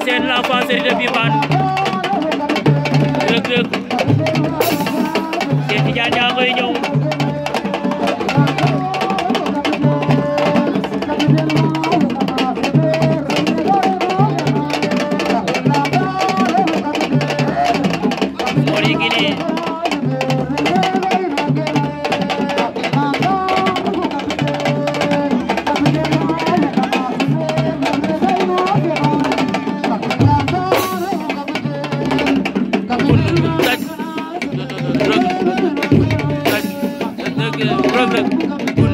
Alioune Sène l'enfant série de Bimban Reug Reug Cheikh Tidiane yaa ngi koy ñëw loolu nag rek moo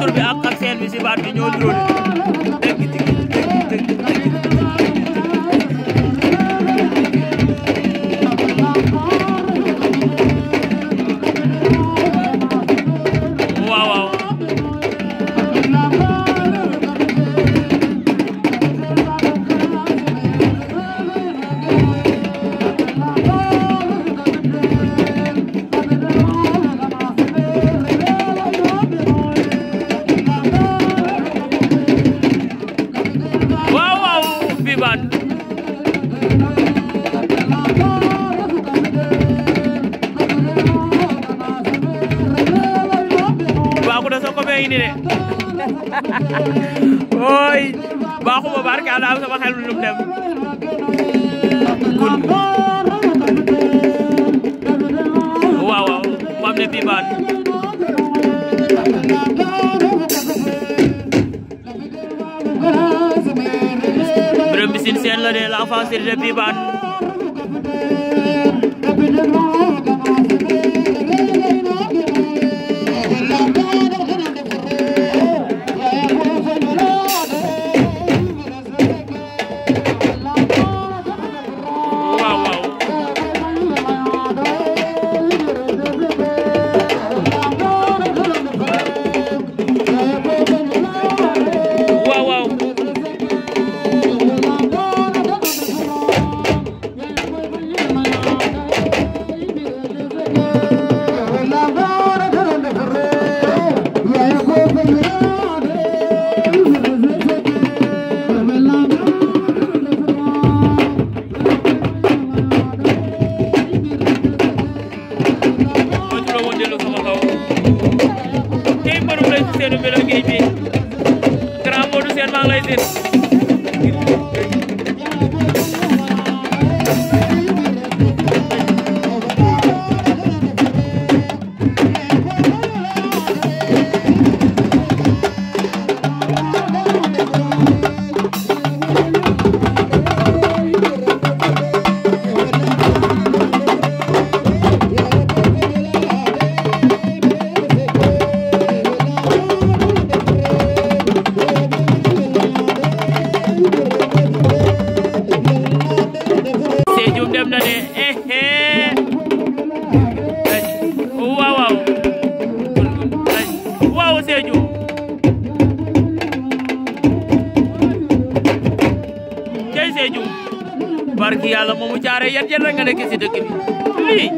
tur bi ak ak seen bi si baat bi ñoo duróole Band Bakouda Sokobé indi de ooy Bakhouma barke Allah sama xel lu dem waaw waaw mam ne Bi Band العفاصل جبيبا Seydou Mbelo Guèye bi grand Modou Sène maa ngi lay seen yàlla moomu jaare yan yan rek nga nekk si dëkk bi lii